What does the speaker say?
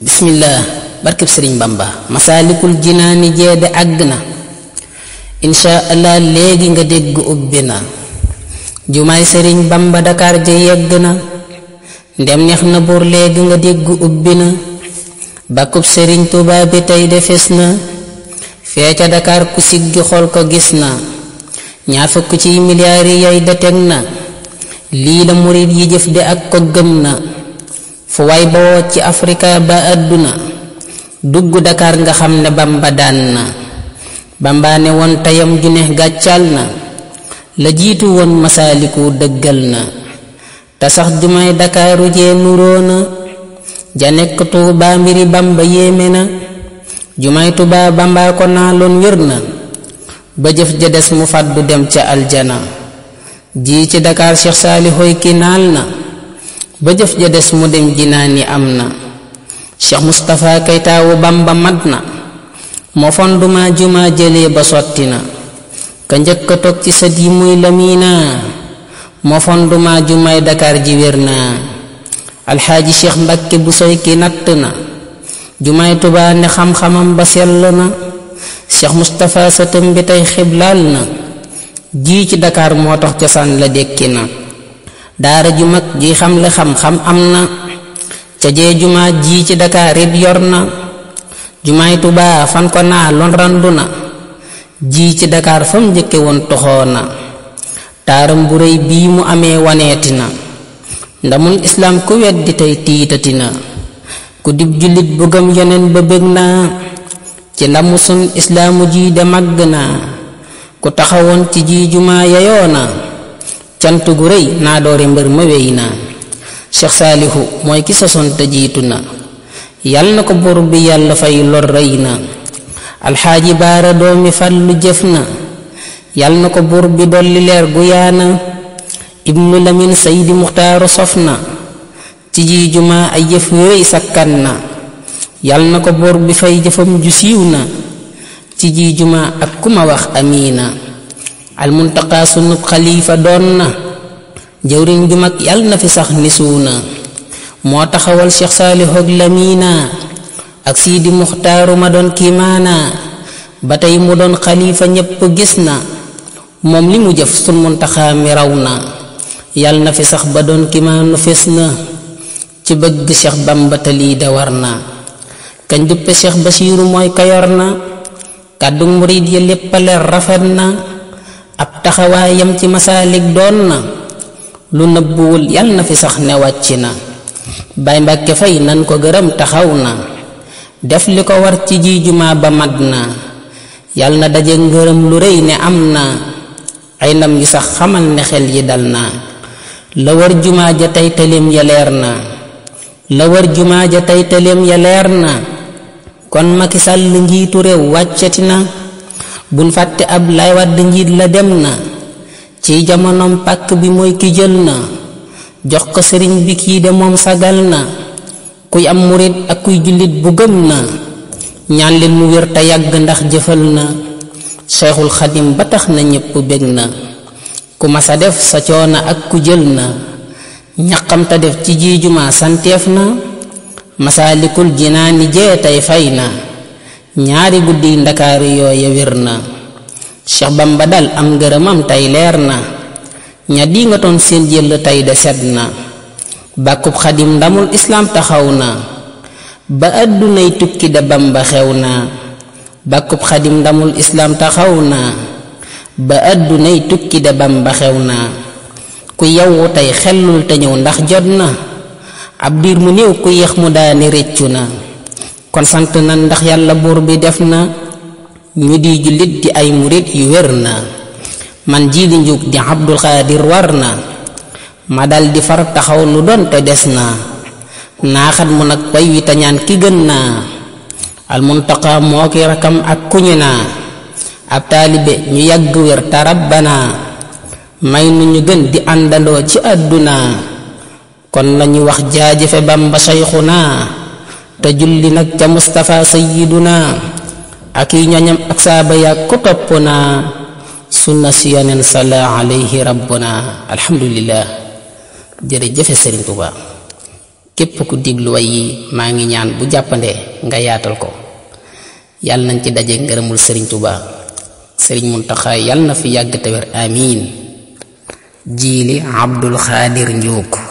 bismillah barkeb sëriñ Bamba masaalikul jinaani jeede àgg na insha allah léegi nga dégg ubbi na jumaay sëriñ Bamba Dakar ja yegg na ndem neex na buur léegi nga dégg ubbi na bakkub sëriñ Tuubaa bi tey defes na fee ca Dakar ku xool ko gis na ñaa fukk ciy miliyaari yay da teg na lii la murit yi jëf de ak ko gëm na fu waay boo ci Afrika ba àdduna dugg Dakar nga xam ne Bamba daan na Bamba ne woon tayam ju ne na la jiitu woon masaaliku dëggal na te sax jumaay Dakaaru jee nuroo na ja nekk Tuubaa mbiri Bamba yéeme na jumaay Tuubaa Bamba ko naa loon wér na ba jëf ja des mu fàddu dem ca aljana ji ci Dakar Cheikh Saalihoy ki naal na ba jëf ja des mu dem jinaan ni am na Cheikh Moustapha Keita wu Bamba mat na moo fonduma juma jëlee ba sotti na ka njëkk toog ci sët yi muy lamiina moo fonduma jumaay Dakar ji wér naa alxaaji Cheikh Mbakke bu soy ki natt na jumaay Tuubaa ne xam-xamam ba sell na Cheikh Moustapha sëtam bi tey xiblaal na jii ci Dakar moo tax cosaan la dékki na daara ju mag ji xamle xam-xam am na ca jee ji ci Dakar it yor na jumaay Tuubaa fan ko naa loon randu na ji ci Dakar fam njëkke woon toxoo na taaram bu rëy bii mu amee waneeti na ndamul islaam ku weddi tey tiitati na ku dib jullit bu gëm yoneen ba bëgg naa ci ndamu sun islaamu ji de màgg naa ku taxawoon ci ji jumaa yayoo cant gu rëy naa doore mbër ma wéy naa Cheikh Saalihu mooy ki sosoon te jiitu na yàlla na ko bor bi yàlla fay lor rëy na alxaaji baara doomi fàllu jëf na yàlla na ko bor bi dolli leer gu yaana ibnu lamin saydi muxtaaru sof na ci ji juma ay jëf yooyu sakkan na yàlla na ko bor bi fay jëfam ju siiw na ci ji juma ak ku ma wax amiina almuntaqa sunub xalifa doon na jëwriñ ju mag yàlla na fi sax nisuuna moo taxawal cheikh saalihoog lamiina ak siidi muxtaaru ma doon kiimaana ba tey mu doon xalifa ñépp gis na moom li mu jëf sun muntaxa raw na yàlla na fi sax ba doon kiimaanu fés na ci bëgg cheikh bamba te na kañ duppe cheikh basiiru mooy kayor na kàddu murid yi lépp rafet na ab taxawaayam ci masaalik doon na lu nëbbuwul yal na fi sax ne wàcc na Baay Mbàkke Fay nan ko gërëm taxaw na def li ko war ci ji jumaa ba mat na yal na daje ngërëm lu rëy ne am na ay ndam yu sax xamal ne xel yi dal na la jumaa ja tey tëlim ya leer na la war jumaa ja tey tëlim ya leer njiitu réew wàcceti na bul fàtte Ablaay Wàdd njiit la dem na ci jamonom pàkk bi mooy ki jël na jox ko sëriñ bi kii de moom sagal na kuy am murit ak kuy jullit bu gëm na ñaan mu wér te yàgg ndax jëfal na Seexul Xadim ba tax na ñépp bég na ku masa def sa coono ak ku jël na ñaqam def ci ji jumaa santeef na masaalikul jinaani jee tey fay na ñaari guddi ndakaaru yooye wér na Cheikh Bamba dal am ngërëmam tey leer na ña di nga toon seen jëll tey de set na bàkkub xadim ndamul islaam taxaw na ba àddunay tukki de Bamba xew na bàkkub xadim ndamul taxaw na ba àddunay tukki de Bamba xew na ku yowwu tey xellul te ñëw ndax jot na ab diir mu néew ku yéex mu daani réccu na kon sant na ndax yàlla buur bi def na ñu di jullit di ay murit yu wér na man jii di di abdul xaadir war na ma daldi far taxaw lu doon des na naaxat mu nag way wi te ki gën na almuntaqa moo ki ak kuñi na ab taalibe ñu yàgg wér te rabbana may nu ñu gën di àndandoo ci àdduna kon lañuy wax jaajëfe bamba sayxu naa te julli nag ca Mustafa sayyiduna ak i ñoñam ak saaba yaa ko topp naa sunna si yoneen sala alayhi rabbuna alhamdulillah jërëjëfe Sëriñ Tuba képp ku diglu way yi maa ngi ñaan bu jàppande nga yaatal ko yàlla nañ ci daje ngërëmul Sëriñ Tuba Sëriñ Muntaxa yàlla na fi yàgg te wér amiin jiili Abdul Xaadir Njuuk